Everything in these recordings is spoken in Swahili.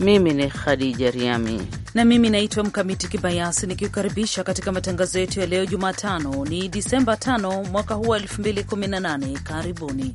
Mimi ni Khadija Riami na mimi naitwa Mkamiti Kibayasi nikiukaribisha katika matangazo yetu ya leo Jumatano ni Disemba 5 mwaka huu wa 2018. Karibuni.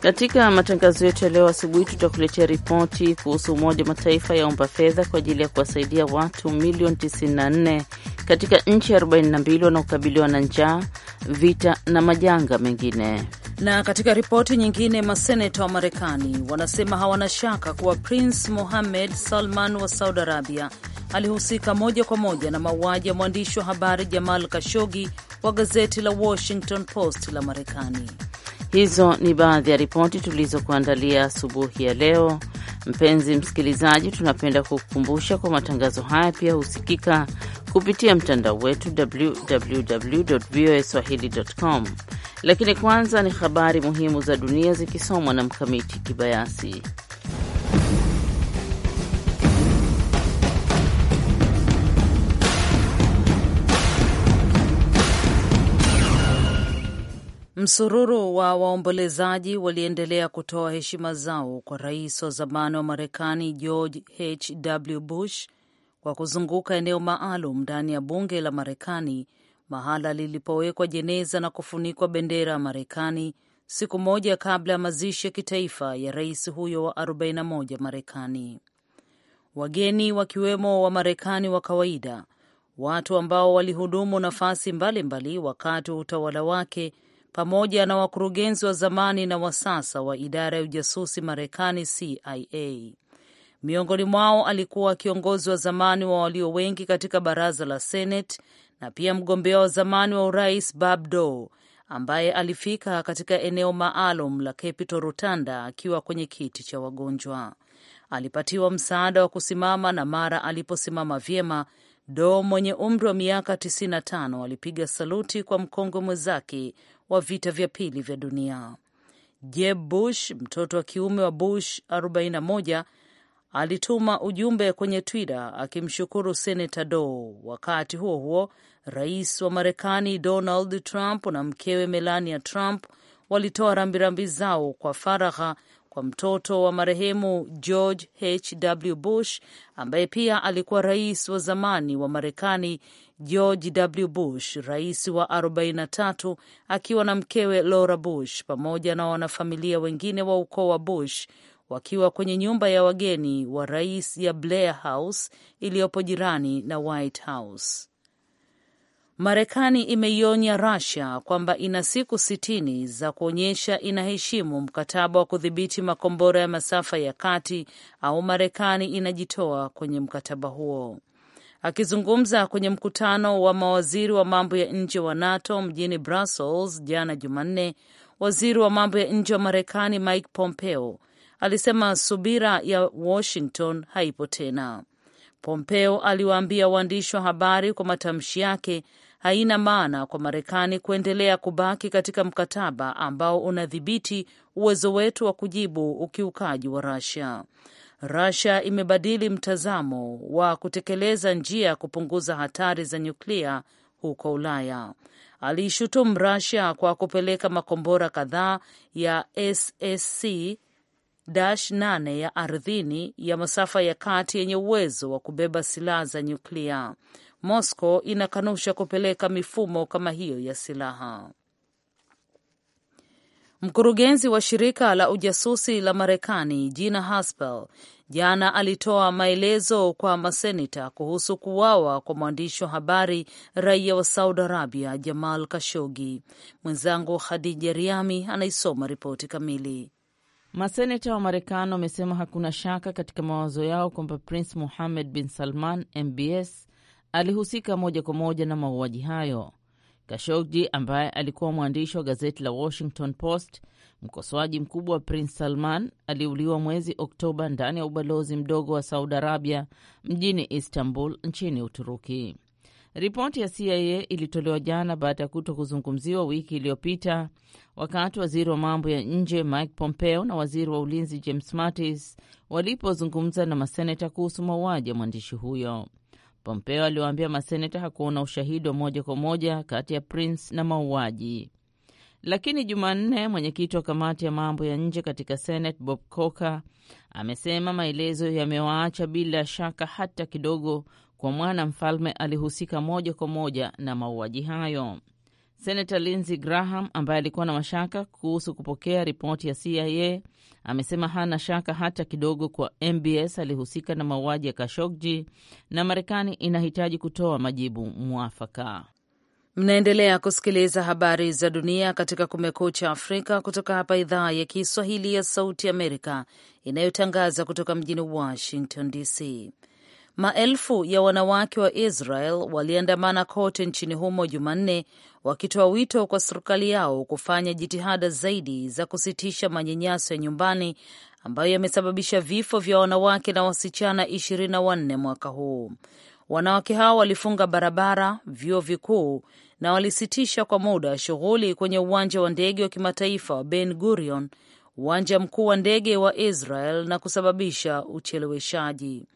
Katika matangazo yetu ya leo asubuhi tutakuletea ripoti kuhusu Umoja wa Mataifa yaomba fedha kwa ajili ya kuwasaidia watu milioni 94 katika nchi 42 wanaokabiliwa na njaa, vita na majanga mengine. Na katika ripoti nyingine, maseneta wa Marekani wanasema hawana shaka kuwa Prince Mohammed Salman wa Saudi Arabia alihusika moja kwa moja na mauaji ya mwandishi wa habari Jamal Kashogi wa gazeti la Washington Post la Marekani. Hizo ni baadhi ya ripoti tulizokuandalia asubuhi ya leo. Mpenzi msikilizaji, tunapenda kukukumbusha kwa matangazo haya pia husikika kupitia mtandao wetu www voa swahili.com. Lakini kwanza ni habari muhimu za dunia zikisomwa na Mkamiti Kibayasi. Msururu wa waombolezaji waliendelea kutoa heshima zao kwa rais wa zamani wa Marekani George H W Bush kwa kuzunguka eneo maalum ndani ya bunge la Marekani, mahala lilipowekwa jeneza na kufunikwa bendera ya Marekani siku moja kabla ya mazishi ya kitaifa ya rais huyo wa 41 Marekani. Wageni wakiwemo wa Marekani wa kawaida, watu ambao walihudumu nafasi mbalimbali wakati wa utawala wake, pamoja na wakurugenzi wa zamani na wa sasa wa idara ya ujasusi Marekani, CIA. Miongoni mwao alikuwa kiongozi wa zamani wa walio wengi katika baraza la Senate na pia mgombea wa zamani wa urais Bob Dole ambaye alifika katika eneo maalum la Capitol Rotunda akiwa kwenye kiti cha wagonjwa. Alipatiwa msaada wa kusimama na mara aliposimama vyema, do mwenye umri wa miaka 95 alipiga saluti kwa mkongwe mwenzake wa vita vya pili vya dunia Jeb Bush, mtoto wa kiume wa Bush 41 alituma ujumbe kwenye Twitter akimshukuru Senata Doe. Wakati huo huo, rais wa Marekani Donald Trump na mkewe Melania Trump walitoa rambirambi zao kwa faragha kwa mtoto wa marehemu George H.W. Bush ambaye pia alikuwa rais wa zamani wa Marekani, George W. Bush, rais wa 43, akiwa na mkewe Laura Bush pamoja na wanafamilia wengine wa ukoo wa Bush wakiwa kwenye nyumba ya wageni wa rais ya Blair House iliyopo jirani na White House. Marekani imeionya Russia kwamba ina siku sitini za kuonyesha inaheshimu mkataba wa kudhibiti makombora ya masafa ya kati au Marekani inajitoa kwenye mkataba huo. Akizungumza kwenye mkutano wa mawaziri wa mambo ya nje wa NATO mjini Brussels jana Jumanne, waziri wa mambo ya nje wa Marekani Mike Pompeo alisema subira ya Washington haipo tena. Pompeo aliwaambia waandishi wa habari kwa matamshi yake haina maana kwa Marekani kuendelea kubaki katika mkataba ambao unadhibiti uwezo wetu wa kujibu ukiukaji wa rusia rusia imebadili mtazamo wa kutekeleza njia ya kupunguza hatari za nyuklia huko Ulaya. Aliishutumu Russia kwa kupeleka makombora kadhaa ya SSC 8 ya ardhini ya masafa ya kati yenye uwezo wa kubeba silaha za nyuklia. Moscow inakanusha kupeleka mifumo kama hiyo ya silaha. Mkurugenzi wa shirika la ujasusi la Marekani Gina Haspel jana alitoa maelezo kwa maseneta kuhusu kuuawa kwa mwandishi wa habari raia wa Saudi Arabia Jamal Kashogi. Mwenzangu Khadija Riami anaisoma ripoti kamili. Maseneta wa Marekani wamesema hakuna shaka katika mawazo yao kwamba Prince muhammed bin Salman MBS alihusika moja kwa moja na mauaji hayo. Kashoggi ambaye alikuwa mwandishi wa gazeti la Washington Post, mkosoaji mkubwa wa Prince Salman, aliuliwa mwezi Oktoba ndani ya ubalozi mdogo wa Saudi Arabia mjini Istanbul nchini Uturuki. Ripoti ya CIA ilitolewa jana baada ya kuto kuzungumziwa wiki iliyopita, wakati waziri wa mambo ya nje Mike Pompeo na waziri wa ulinzi James Mattis walipozungumza na maseneta kuhusu mauaji ya mwandishi huyo. Pompeo aliwaambia maseneta hakuona ushahidi wa moja kwa moja kati ya Prince na mauaji, lakini Jumanne mwenyekiti wa kamati ya mambo ya nje katika Senate Bob Coker amesema maelezo yamewaacha bila shaka hata kidogo kwa mwana mfalme alihusika moja kwa moja na mauaji hayo. Senata Lindsey Graham ambaye alikuwa na mashaka kuhusu kupokea ripoti ya CIA amesema hana shaka hata kidogo kwa MBS alihusika na mauaji ya Kashogji na Marekani inahitaji kutoa majibu mwafaka. Mnaendelea kusikiliza habari za dunia katika Kumekucha Afrika kutoka hapa idhaa ya Kiswahili ya Sauti Amerika inayotangaza kutoka mjini Washington DC. Maelfu ya wanawake wa Israel waliandamana kote nchini humo Jumanne wakitoa wito kwa serikali yao kufanya jitihada zaidi za kusitisha manyanyaso ya nyumbani ambayo yamesababisha vifo vya wanawake na wasichana ishirini na wanne mwaka huu. Wanawake hao walifunga barabara, vyuo vikuu na walisitisha kwa muda shughuli kwenye uwanja wa ndege wa kimataifa wa Ben Gurion, uwanja mkuu wa ndege wa Israel, na kusababisha ucheleweshaji.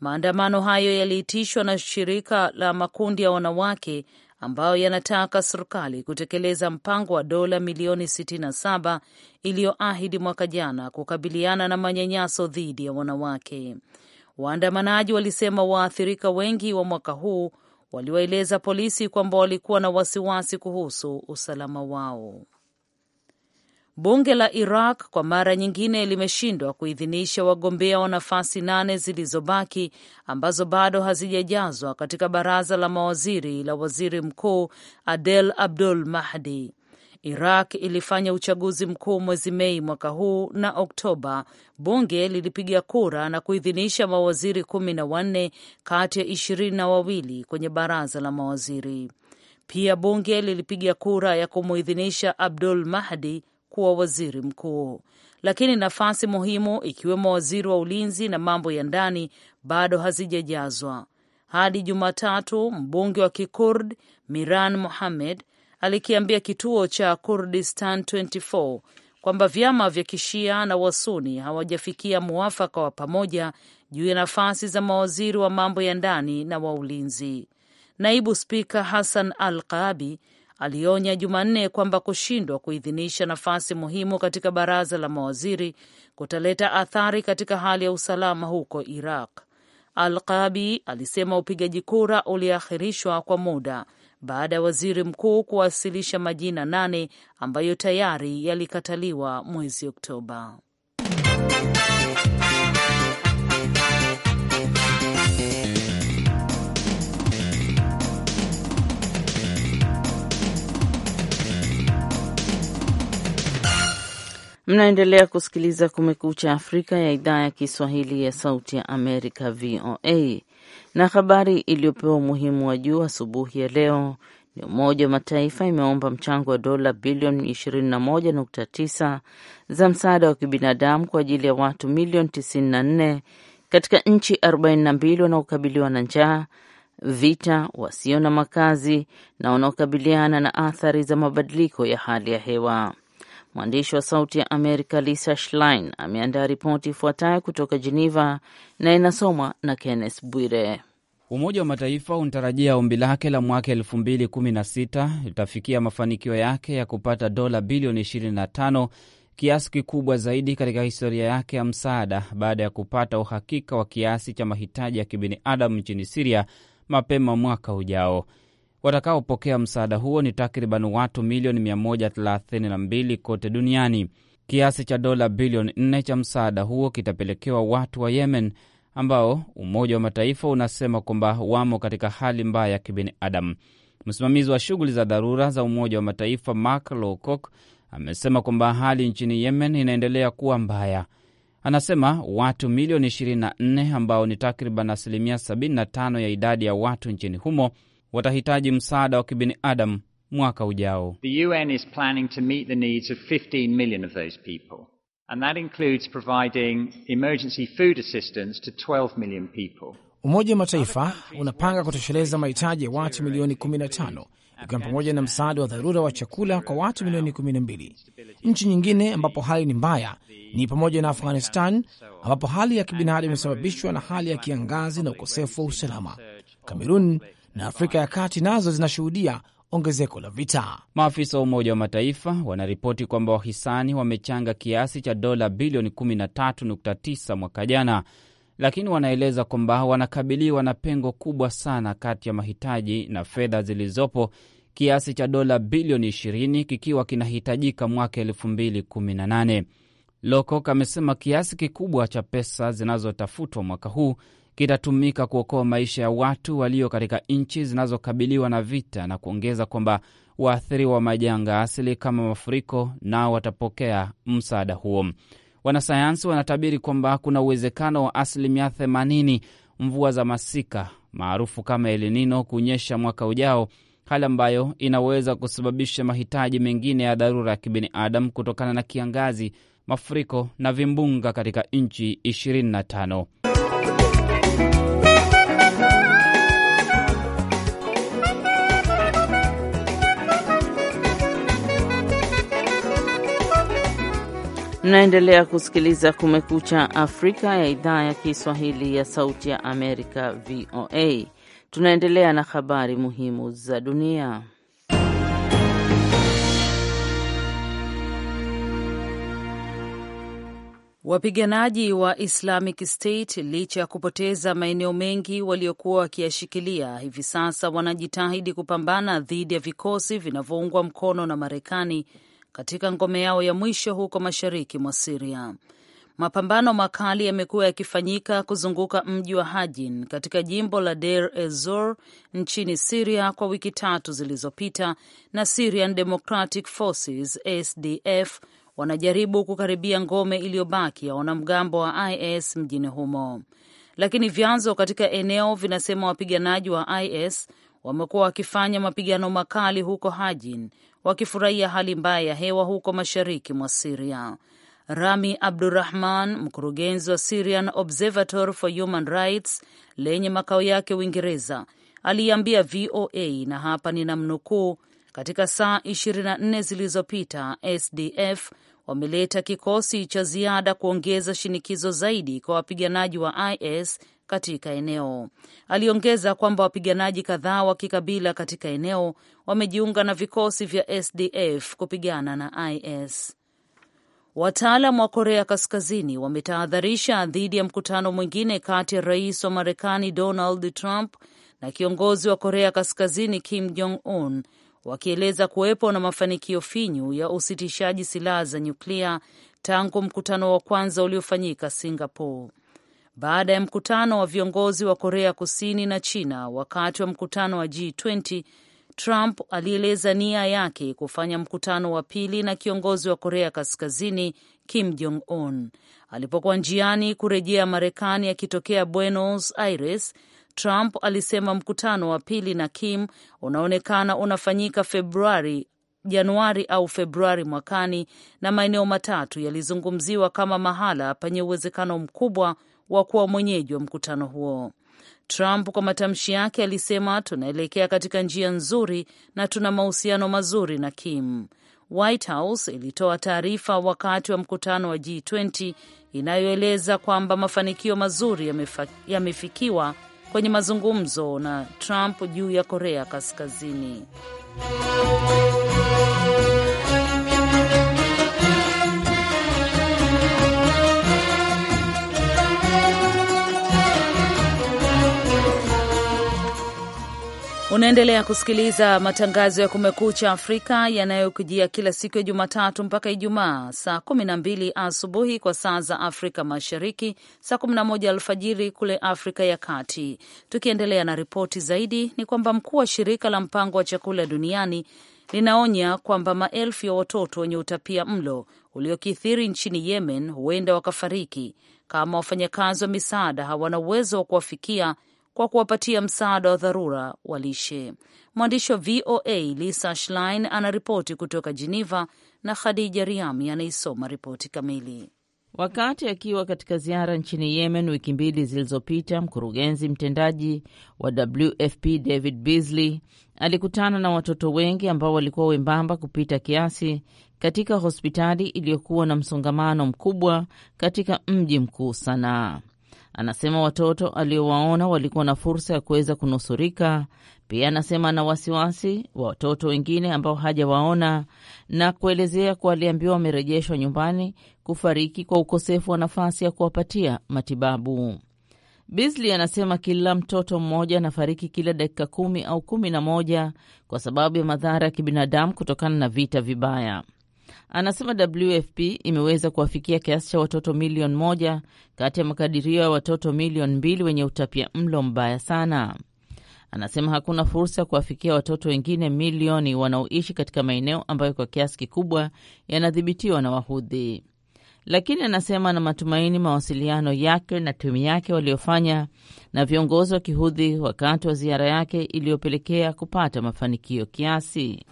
Maandamano hayo yaliitishwa na shirika la makundi ya wanawake ambayo yanataka serikali kutekeleza mpango wa dola milioni 67 iliyoahidi mwaka jana kukabiliana na manyanyaso dhidi ya wanawake. Waandamanaji walisema waathirika wengi wa mwaka huu waliwaeleza polisi kwamba walikuwa na wasiwasi kuhusu usalama wao. Bunge la Iraq kwa mara nyingine limeshindwa kuidhinisha wagombea wa nafasi nane zilizobaki ambazo bado hazijajazwa katika baraza la mawaziri la waziri mkuu Adel Abdul Mahdi. Iraq ilifanya uchaguzi mkuu mwezi Mei mwaka huu na Oktoba bunge lilipiga kura na kuidhinisha mawaziri kumi na wanne kati ya ishirini na wawili kwenye baraza la mawaziri. Pia bunge lilipiga kura ya kumuidhinisha Abdul Mahdi kuwa waziri mkuu, lakini nafasi muhimu ikiwemo waziri wa ulinzi na mambo ya ndani bado hazijajazwa. Hadi Jumatatu, mbunge wa Kikurd Miran Mohamed alikiambia kituo cha Kurdistan 24 kwamba vyama vya Kishia na Wasuni hawajafikia mwafaka wa pamoja juu ya nafasi za mawaziri wa mambo ya ndani na wa ulinzi. Naibu spika Hassan Al Qaabi alionya Jumanne kwamba kushindwa kuidhinisha nafasi muhimu katika baraza la mawaziri kutaleta athari katika hali ya usalama huko Iraq. Al-Qabi alisema upigaji kura uliahirishwa kwa muda baada ya waziri mkuu kuwasilisha majina nane ambayo tayari yalikataliwa mwezi Oktoba. Mnaendelea kusikiliza Kumekucha Afrika ya idhaa ya Kiswahili ya Sauti ya Amerika, VOA. Na habari iliyopewa umuhimu wa juu asubuhi ya leo ni Umoja wa Mataifa imeomba mchango wa dola bilioni 21.9 za msaada wa kibinadamu kwa ajili ya watu milioni 94 katika nchi 42 wanaokabiliwa na njaa, vita, wasio na makazi na wanaokabiliana na athari za mabadiliko ya hali ya hewa. Mwandishi wa Sauti ya Amerika Lisa Schlein ameandaa ripoti ifuatayo kutoka Jeneva na inasomwa na Kenneth Bwire. Umoja wa Mataifa unatarajia ombi lake la mwaka 2016 litafikia mafanikio yake ya kupata dola bilioni 25, kiasi kikubwa zaidi katika historia yake ya msaada, baada ya kupata uhakika wa kiasi cha mahitaji ya kibinadamu nchini Siria mapema mwaka ujao. Watakaopokea msaada huo ni takriban watu milioni 132 kote duniani. Kiasi cha dola bilioni 4 cha msaada huo kitapelekewa watu wa Yemen ambao Umoja wa Mataifa unasema kwamba wamo katika hali mbaya ya kibinadamu. Msimamizi wa shughuli za dharura za Umoja wa Mataifa Mark Lowcock amesema kwamba hali nchini Yemen inaendelea kuwa mbaya. Anasema watu milioni 24 ambao ni takriban asilimia 75 ya idadi ya watu nchini humo watahitaji msaada wa kibinadamu mwaka ujao. The UN is planning to meet the needs of 15 million of those people. And that includes providing emergency food assistance to 12 million people. Umoja wa Mataifa unapanga kutosheleza mahitaji ya watu milioni 15 ikiwa pamoja na msaada wa dharura wa chakula kwa watu milioni 12. Nchi nyingine ambapo hali ni mbaya ni pamoja na Afghanistan ambapo hali ya kibinadamu imesababishwa na hali ya kiangazi na ukosefu wa usalama, Kamerun na Afrika ya Kati nazo zinashuhudia ongezeko la vita. Maafisa wa Umoja wa Mataifa wanaripoti kwamba wahisani wamechanga kiasi cha dola bilioni 13.9 mwaka jana, lakini wanaeleza kwamba wanakabiliwa na pengo kubwa sana kati ya mahitaji na fedha zilizopo, kiasi cha dola bilioni 20 kikiwa kinahitajika mwaka 2018. Lokok amesema kiasi kikubwa cha pesa zinazotafutwa mwaka huu kitatumika kuokoa maisha ya watu walio katika nchi zinazokabiliwa na vita, na kuongeza kwamba waathiriwa wa majanga asili kama mafuriko nao watapokea msaada huo. Wanasayansi wanatabiri kwamba kuna uwezekano wa asilimia 80 mvua za masika maarufu kama El Nino kunyesha mwaka ujao, hali ambayo inaweza kusababisha mahitaji mengine ya dharura ya kibinadamu kutokana na kiangazi, mafuriko na vimbunga katika nchi 25. Mnaendelea kusikiliza Kumekucha Afrika ya idhaa ya Kiswahili ya Sauti ya Amerika, VOA. Tunaendelea na habari muhimu za dunia. Wapiganaji wa Islamic State licha ya kupoteza maeneo mengi waliokuwa wakiyashikilia, hivi sasa wanajitahidi kupambana dhidi ya vikosi vinavyoungwa mkono na Marekani katika ngome yao ya mwisho huko mashariki mwa Siria. Mapambano makali yamekuwa yakifanyika kuzunguka mji wa Hajin katika jimbo la Deir ezor nchini Siria kwa wiki tatu zilizopita, na Syrian Democratic Forces SDF wanajaribu kukaribia ngome iliyobaki ya wanamgambo wa IS mjini humo, lakini vyanzo katika eneo vinasema wapiganaji wa IS wamekuwa wakifanya mapigano makali huko Hajin wakifurahia hali mbaya ya hewa huko mashariki mwa Siria. Rami Abdurahman, mkurugenzi wa Syrian Observatory for Human Rights lenye makao yake Uingereza, aliambia VOA na hapa ni namnukuu katika saa 24 zilizopita SDF wameleta kikosi cha ziada kuongeza shinikizo zaidi kwa wapiganaji wa IS katika eneo. Aliongeza kwamba wapiganaji kadhaa wa kikabila katika eneo wamejiunga na vikosi vya SDF kupigana na IS. Wataalam wa Korea Kaskazini wametahadharisha dhidi ya mkutano mwingine kati ya rais wa Marekani Donald Trump na kiongozi wa Korea Kaskazini Kim Jong Un, wakieleza kuwepo na mafanikio finyu ya usitishaji silaha za nyuklia tangu mkutano wa kwanza uliofanyika Singapore baada ya mkutano wa viongozi wa Korea Kusini na China. Wakati wa mkutano wa G20, Trump alieleza nia yake kufanya mkutano wa pili na kiongozi wa Korea Kaskazini Kim Jong Un. Alipokuwa njiani kurejea Marekani akitokea Buenos Aires, Trump alisema mkutano wa pili na Kim unaonekana unafanyika Februari Januari au Februari mwakani, na maeneo matatu yalizungumziwa kama mahala penye uwezekano mkubwa wa kuwa mwenyeji wa mkutano huo. Trump kwa matamshi yake alisema, tunaelekea katika njia nzuri na tuna mahusiano mazuri na Kim. White House ilitoa taarifa wakati wa mkutano wa G20 inayoeleza kwamba mafanikio mazuri yamefikiwa kwenye mazungumzo na Trump juu ya Korea Kaskazini. Unaendelea kusikiliza matangazo ya Kumekucha Afrika yanayokujia kila siku ya Jumatatu mpaka Ijumaa saa mbili asubuhi kwa saa za Afrika Mashariki, saa moja alfajiri kule Afrika ya Kati. Tukiendelea na ripoti zaidi, ni kwamba mkuu wa shirika la mpango wa chakula duniani linaonya kwamba maelfu ya watoto wenye utapia mlo uliokithiri nchini Yemen huenda wakafariki kama wafanyakazi wa misaada hawana uwezo wa kuwafikia kwa kuwapatia msaada wa dharura wa lishe. Mwandishi wa VOA Lisa Schlein anaripoti kutoka Geneva na Khadija Riami anaisoma ripoti kamili. Wakati akiwa katika ziara nchini Yemen wiki mbili zilizopita, mkurugenzi mtendaji wa WFP David Beasley alikutana na watoto wengi ambao walikuwa wembamba kupita kiasi katika hospitali iliyokuwa na msongamano mkubwa katika mji mkuu Sanaa. Anasema watoto aliowaona walikuwa na fursa ya kuweza kunusurika. Pia anasema ana wasiwasi wa watoto wengine ambao hajawaona, na kuelezea kuwa aliambiwa wamerejeshwa nyumbani kufariki kwa ukosefu wa nafasi ya kuwapatia matibabu. Bisley anasema kila mtoto mmoja anafariki kila dakika kumi au kumi na moja kwa sababu ya madhara ya kibinadamu kutokana na vita vibaya. Anasema WFP imeweza kuwafikia kiasi cha watoto milioni moja kati ya makadirio ya watoto milioni mbili wenye utapia mlo mbaya sana. Anasema hakuna fursa ya kuwafikia watoto wengine milioni wanaoishi katika maeneo ambayo kwa kiasi kikubwa yanadhibitiwa na Wahudhi lakini anasema na matumaini mawasiliano yake na timu yake waliofanya na viongozi wa kihudhi wakati wa ziara yake iliyopelekea kupata mafanikio kiasi.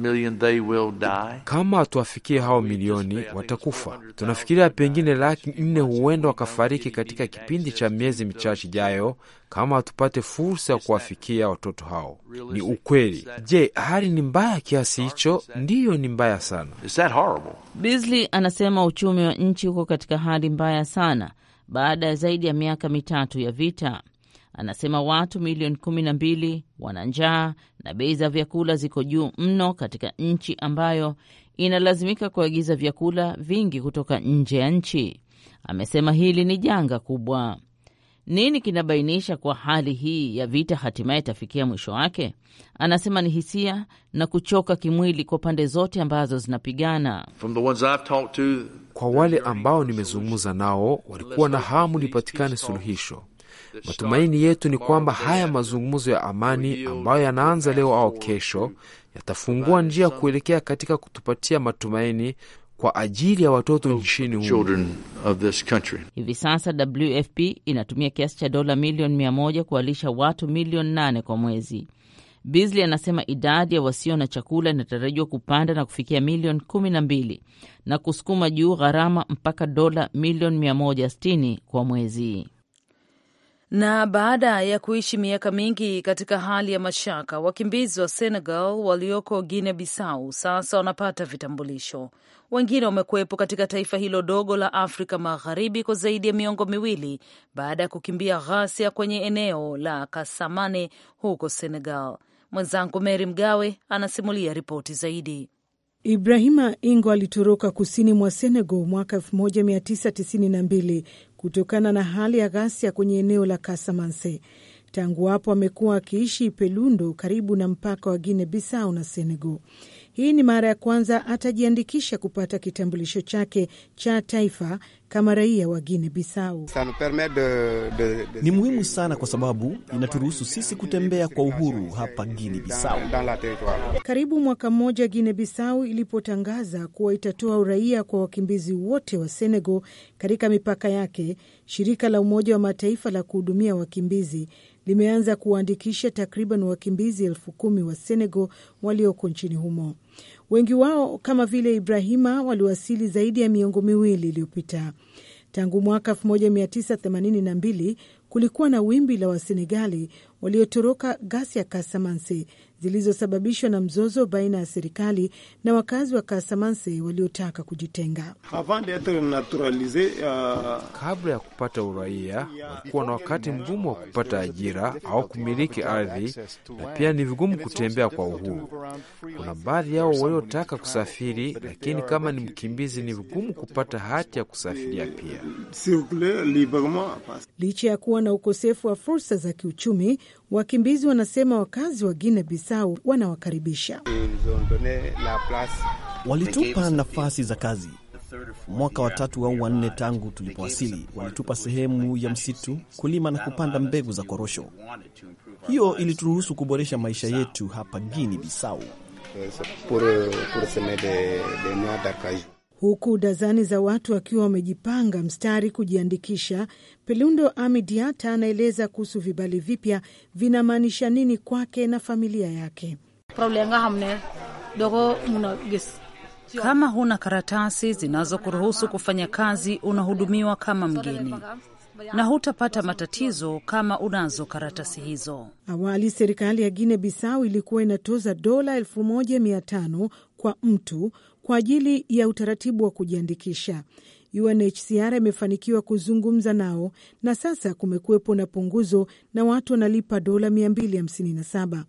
Million, kama hatuwafikie hao milioni watakufa. Tunafikiria pengine laki nne huenda wakafariki katika kipindi cha miezi michache ijayo, kama hatupate fursa ya kuwafikia watoto hao. Ni ukweli. Je, hali ni mbaya kiasi hicho? Ndiyo, ni mbaya sana. Bisley anasema uchumi wa nchi uko katika hali mbaya sana baada ya zaidi ya miaka mitatu ya vita. Anasema watu milioni kumi na mbili wana njaa na bei za vyakula ziko juu mno katika nchi ambayo inalazimika kuagiza vyakula vingi kutoka nje ya nchi. Amesema hili ni janga kubwa. Nini kinabainisha kwa hali hii ya vita hatimaye itafikia mwisho wake? Anasema ni hisia na kuchoka kimwili kwa pande zote ambazo zinapigana. Kwa wale ambao nimezungumza nao, walikuwa na hamu lipatikane suluhisho. Matumaini yetu ni kwamba haya mazungumzo ya amani ambayo yanaanza leo au kesho yatafungua njia ya kuelekea katika kutupatia matumaini kwa ajili ya watoto nchini humo. Hivi sasa WFP inatumia kiasi cha dola milioni mia moja kuwalisha watu milioni nane kwa mwezi. Bisley anasema idadi ya wasio na chakula inatarajiwa kupanda na kufikia milioni kumi na mbili na kusukuma juu gharama mpaka dola milioni mia moja sitini kwa mwezi. Na baada ya kuishi miaka mingi katika hali ya mashaka, wakimbizi wa Senegal walioko Guinea Bissau sasa wanapata vitambulisho. Wengine wamekuwepo katika taifa hilo dogo la Afrika Magharibi kwa zaidi ya miongo miwili baada ya kukimbia ghasia kwenye eneo la Kasamane huko Senegal. Mwenzangu Mary Mgawe anasimulia ripoti zaidi. Ibrahima Ingo alitoroka kusini mwa Senegal mwaka 1992 kutokana na hali ya ghasia kwenye eneo la Kasamanse. Tangu hapo amekuwa akiishi Pelundo, karibu na mpaka wa Guine Bisau na Senegal. Hii ni mara ya kwanza atajiandikisha kupata kitambulisho chake cha taifa kama raia wa Guinea Bissau. Ni muhimu sana kwa sababu inaturuhusu sisi kutembea kwa uhuru hapa Guinea Bissau. Karibu mwaka mmoja Guinea Bissau ilipotangaza kuwa itatoa uraia kwa wakimbizi wote wa Senegal katika mipaka yake, shirika la Umoja wa Mataifa la kuhudumia wakimbizi limeanza kuwaandikisha takriban wakimbizi elfu kumi wa Senegal walioko nchini humo. Wengi wao kama vile Ibrahima waliwasili zaidi ya miongo miwili iliyopita. Tangu mwaka 1982 kulikuwa na wimbi la Wasenegali waliotoroka ghasia ya Kasamansi zilizosababishwa na mzozo baina ya serikali na wakazi wa kasamanse waliotaka kujitenga. Uh, Kabla ya kupata uraia, walikuwa na wakati mgumu wa kupata ajira au kumiliki ardhi, na pia ni vigumu kutembea kwa uhuru. Kuna baadhi yao waliotaka kusafiri, lakini kama ni mkimbizi, ni vigumu kupata hati ya kusafiria. Pia licha ya kuwa na ukosefu wa fursa za kiuchumi Wakimbizi wanasema wakazi wa Guinea Bissau wanawakaribisha. Walitupa nafasi za kazi mwaka wa tatu au wanne tangu tulipowasili. Walitupa sehemu ya msitu kulima na kupanda mbegu za korosho. Hiyo ilituruhusu kuboresha maisha yetu hapa Guinea Bissau huku dazani za watu wakiwa wamejipanga mstari kujiandikisha. Pelundo Amidiata anaeleza kuhusu vibali vipya vinamaanisha nini kwake na familia yake. Kama huna karatasi zinazokuruhusu kufanya kazi, unahudumiwa kama mgeni na hutapata matatizo kama unazo karatasi hizo. Awali serikali ya Guinea Bissau ilikuwa inatoza dola elfu moja mia tano kwa mtu kwa ajili ya utaratibu wa kujiandikisha. UNHCR imefanikiwa kuzungumza nao na sasa kumekuwepo na punguzo na watu wanalipa dola 257.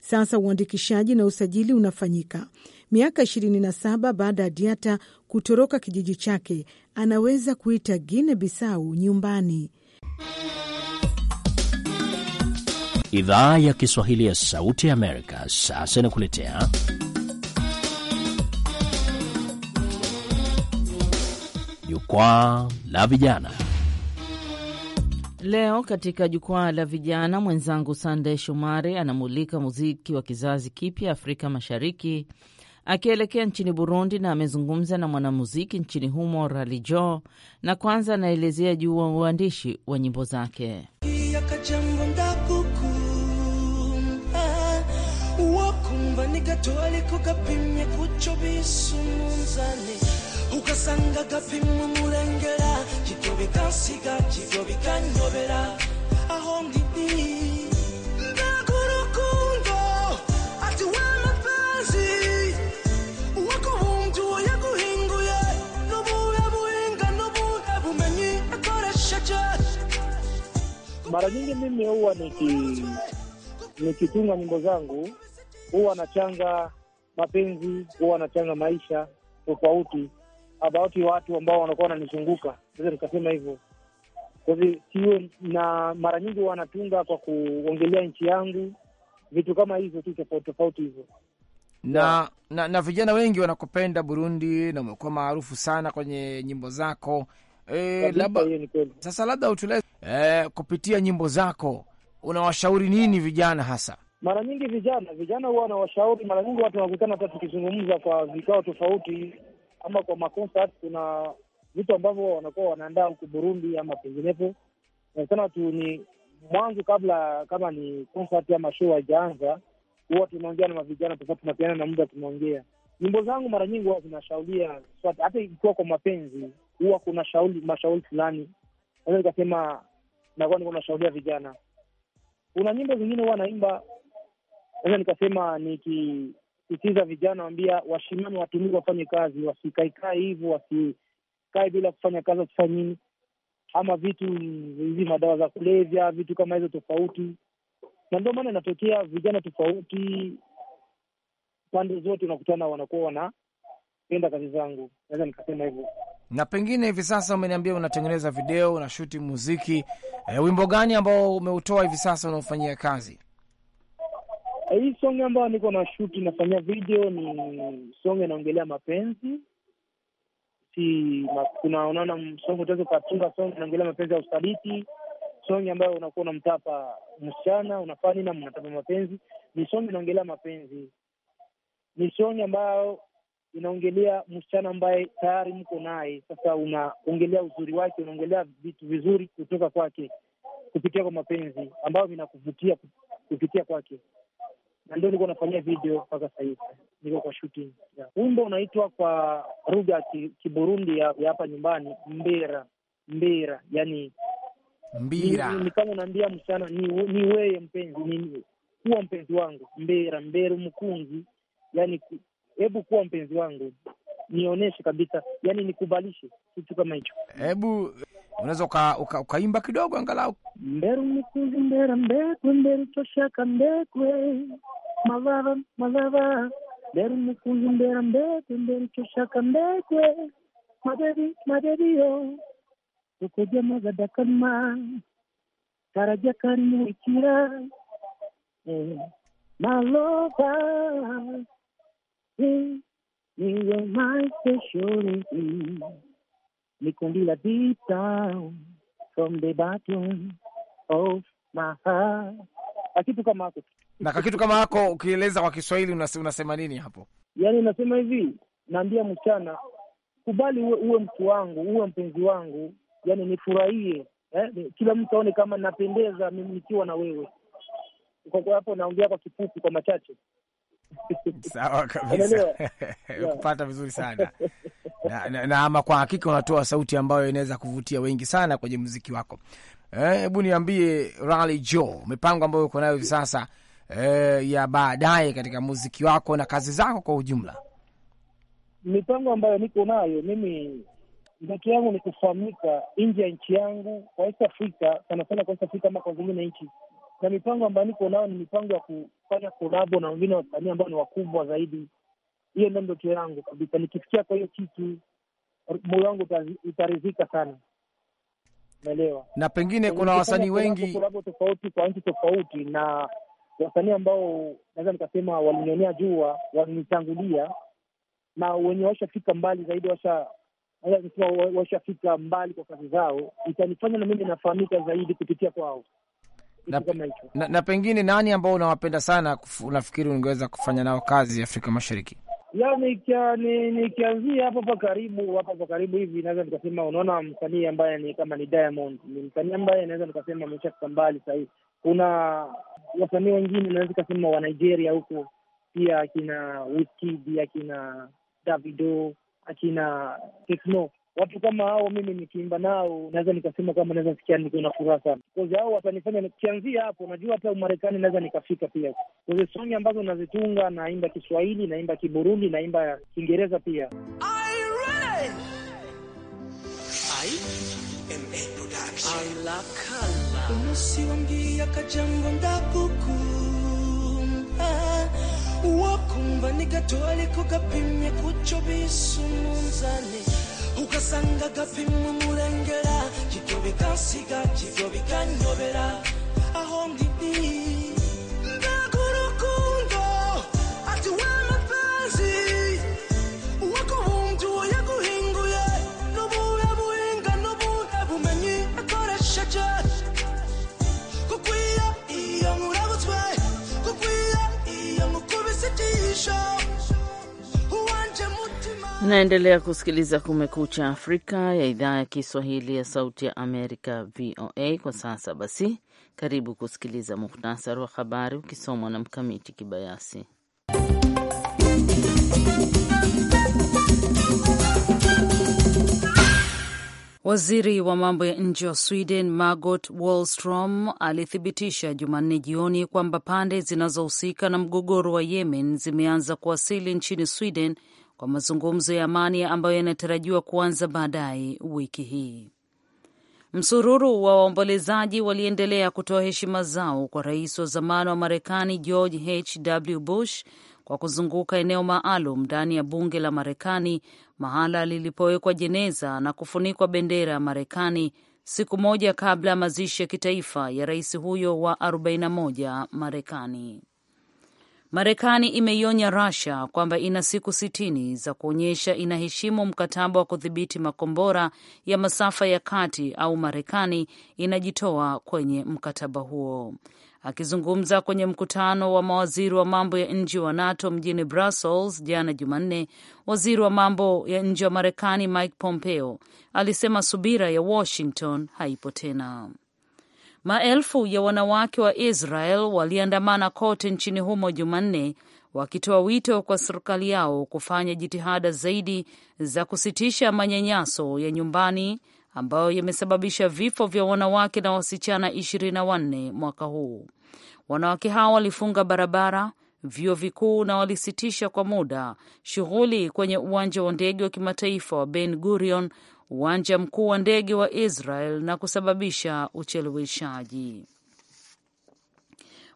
Sasa uandikishaji na usajili unafanyika. Miaka 27 baada ya Diata kutoroka kijiji chake, anaweza kuita Guine Bisau nyumbani. Idhaa ya Kiswahili ya Sauti ya Amerika sasa inakuletea Jukwaa la Vijana. Leo katika Jukwaa la Vijana, mwenzangu Sandey Shomari anamulika muziki wa kizazi kipya Afrika Mashariki, akielekea nchini Burundi na amezungumza na mwanamuziki nchini humo Rali Jo, na kwanza anaelezea juu wa uandishi wa nyimbo zake ugasanga agapimwa umurengera ibyo bikansiga ibyo bikanyobera aho nk'ibiri Mara nyingi mimi huwa niki nikitunga nyimbo zangu huwa nachanga mapenzi, huwa nachanga maisha tofauti about watu ambao wanakuwa wananizunguka, naweza nikasema hivyo. Kwa siwe na, mara nyingi wanatunga kwa kuongelea nchi yangu, vitu kama hivyo tu tofauti tofauti hivyo na, na na vijana wengi wanakupenda Burundi na umekuwa maarufu sana kwenye nyimbo zako e, eh, laba, sasa labda utule e, eh, kupitia nyimbo zako unawashauri nini vijana hasa? Mara nyingi vijana vijana huwa wanawashauri, mara nyingi watu wanakutana hata tukizungumza kwa vikao tofauti ama kwa maconcert, kuna vitu ambavyo wanakuwa wanaandaa huku Burundi ama penginepo. Sana tu ni mwanzo, kabla kama ni concert ama show haijaanza, huwa tunaongea na mavijana, tuka tunapeana na muda, tunaongea nyimbo zangu mara nyingi huwa zinashaulia hata so, ikiwa kwa mapenzi huwa kuna shauli, mashauri fulani naweza nikasema nakuwa niko nashaulia vijana. Kuna nyimbo zingine huwa naimba, naweza nikasema niki sisitiza vijana, waambia washimani watumii wafanye kazi, wasikaikae hivyo, wasikae bila kufanya kazi, wasifanye nini ama vitu hizi madawa za kulevya, vitu kama hizo tofauti. Na ndio maana inatokea vijana tofauti pande zote, unakutana wanakuwa wanapenda kazi zangu, naweza nikasema hivyo. Na pengine hivi sasa umeniambia unatengeneza video, unashuti muziki. E, wimbo gani ambao umeutoa hivi sasa unaofanyia kazi? hii songi ambayo niko na shoot inafanyia video ni songe inaongelea mapenzi si kuna unaona msongo utaweza ukatunga song unaongelea mapenzi ya usaliti songe ambayo unakuwa unamtapa msichana unafanya na mnatapa mapenzi ni song inaongelea mapenzi ni songe ambayo inaongelea msichana ambaye tayari mko naye sasa unaongelea uzuri wake unaongelea vitu vizuri kutoka kwake kupitia kwa mapenzi ambayo vinakuvutia kupitia kwake na ndio nilikuwa nafanyia video mpaka sasa hivi, niko kwa shooting yeah. Wimbo unaitwa kwa lugha ya Kiburundi ya hapa nyumbani mbira mbira, yani mbira ni kama unaambia msichana ni, ni wewe mpenzi, ni kuwa mpenzi wangu, mbira mbera mkunzi, yani hebu kuwa mpenzi wangu nionyeshe kabisa, yani nikubalishe kitu kama hicho. Hebu unaweza uka, uka, ukaimba kidogo angalau, mberu mkuzi mbera mbekwe mberu toshaka mbekwe malava malava mberu mkuzi mbera mbekwe mberu toshaka mbekwe maderi maderio ukoja magadakama karaja karimuikira eh, malova Ndiyo maisha surety ni kundi la deep down from the bottom of my heart, akitu kama hako na kakitu kama hako. Ukieleza kwa Kiswahili unasema nini hapo? Yani unasema hivi, naambia mchana, kubali uwe, uwe mtu wangu, uwe mpenzi wangu, yani nifurahie eh, kila mtu aone kama napendeza mimi nikiwa na wewe. Kwa hapo naongea kwa kifupi, kwa machache. Sawa kabisa kupata vizuri sana na, na, na ama kwa hakika unatoa sauti ambayo inaweza kuvutia wengi sana kwenye muziki wako. Eh, hebu eh, niambie Rally Joe, mipango ambayo uko nayo hivi sasa eh, ya baadaye katika muziki wako na kazi zako kwa ujumla. Mipango ambayo niko nayo mimi, ndoto yangu ni kufahamika nje ya nchi yangu, kwa East Africa sana sana, kwa East Africa ama kwa zingine nchi na mipango ambayo niko nao ni mipango ya kufanya kolabo na wengine wasanii ambao ni wakubwa zaidi. Hiyo ndio ndoto yangu kabisa. Nikifikia kwa hiyo kitu, moyo wangu utaridhika sana, unaelewa. Na pengine kuna wasanii wengi kolabo tofauti kwa nchi tofauti, na wasanii ambao naweza nikasema walinionea jua, walinitangulia na wenye washafika mbali zaidi, washa washafika mbali kwa kazi zao, itanifanya na mimi nafahamika zaidi kupitia kwao na, na, na pengine nani ambao unawapenda sana unafikiri ungeweza kufanya nao kazi Afrika Mashariki? Nikianzia hapa hapa karibu hapa hapa karibu hivi, naweza nikasema, unaona msanii ambaye ni kama ni Diamond, ni msanii ambaye naweza nikasema ameshafika mbali sahii. Kuna wasanii wengine naweza nikasema wa Nigeria huko pia, akina Wizkid akina Davido akina Tekno watu kama hao, mimi nikiimba nao naweza nikasema kama naweza sikia nikiwa na furaha sana, kozi hao watanifanya kianzia hapo. Najua hata Umarekani naweza nikafika pia, kozi songi ambazo nazitunga, naimba Kiswahili, naimba Kiburundi, naimba Kiingereza pia usiingia kajango ugasanga agapima umurengera kigobe kansiga kigobe kanyobera aho ndi ndakurukundo ati we mapenzi uwaguhunduye yaguhinguye n'ubuhe buhinga n'ubuhe bumenyi akoresheje kugwira iyo murabutswe kugwira iyo mukubise ijisho Mnaendelea kusikiliza Kumekucha Afrika ya idhaa ya Kiswahili ya Sauti ya Amerika, VOA. Kwa sasa basi, karibu kusikiliza muhtasari wa habari ukisomwa na Mkamiti Kibayasi. Waziri wa mambo ya nje wa Sweden Margot Wallstrom alithibitisha Jumanne jioni kwamba pande zinazohusika na mgogoro wa Yemen zimeanza kuwasili nchini Sweden kwa mazungumzo ya amani ambayo yanatarajiwa kuanza baadaye wiki hii. Msururu wa waombolezaji waliendelea kutoa heshima zao kwa rais wa zamani wa Marekani George H.W. Bush kwa kuzunguka eneo maalum ndani ya bunge la Marekani, mahala lilipowekwa jeneza na kufunikwa bendera ya Marekani, siku moja kabla ya mazishi ya kitaifa ya rais huyo wa 41 Marekani. Marekani imeionya Russia kwamba ina siku sitini za kuonyesha inaheshimu mkataba wa kudhibiti makombora ya masafa ya kati au Marekani inajitoa kwenye mkataba huo. Akizungumza kwenye mkutano wa mawaziri wa mambo ya nje wa NATO mjini Brussels jana Jumanne, waziri wa mambo ya nje wa Marekani Mike Pompeo alisema subira ya Washington haipo tena. Maelfu ya wanawake wa Israel waliandamana kote nchini humo Jumanne wakitoa wito kwa serikali yao kufanya jitihada zaidi za kusitisha manyanyaso ya nyumbani ambayo yamesababisha vifo vya wanawake na wasichana ishirini na wanne mwaka huu. Wanawake hao walifunga barabara, vyuo vikuu na walisitisha kwa muda shughuli kwenye uwanja wa ndege wa kimataifa wa Ben Gurion uwanja mkuu wa ndege wa Israel na kusababisha ucheleweshaji.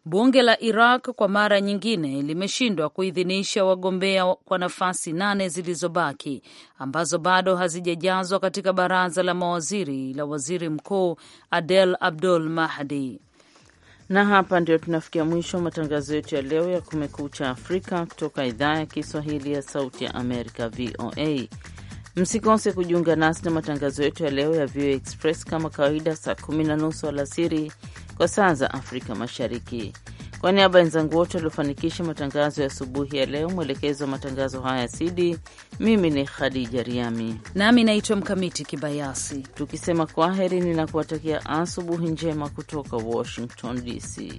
Bunge la Iraq kwa mara nyingine limeshindwa kuidhinisha wagombea kwa nafasi nane zilizobaki ambazo bado hazijajazwa katika baraza la mawaziri la waziri mkuu Adel Abdul Mahdi. Na hapa ndio tunafikia mwisho wa matangazo yetu ya leo ya Kumekucha Afrika kutoka idhaa ya Kiswahili ya Sauti ya Amerika, VOA. Msikose kujiunga nasi na matangazo yetu ya leo ya VOA Express kama kawaida, saa kumi na nusu alasiri kwa saa za Afrika Mashariki. Kwa niaba ya wenzangu wote waliofanikisha matangazo ya asubuhi ya leo, mwelekezo wa matangazo haya Sidi, mimi ni Khadija Riami nami naitwa Mkamiti Kibayasi, tukisema kwaheri, ninakuwatakia asubuhi njema kutoka Washington DC.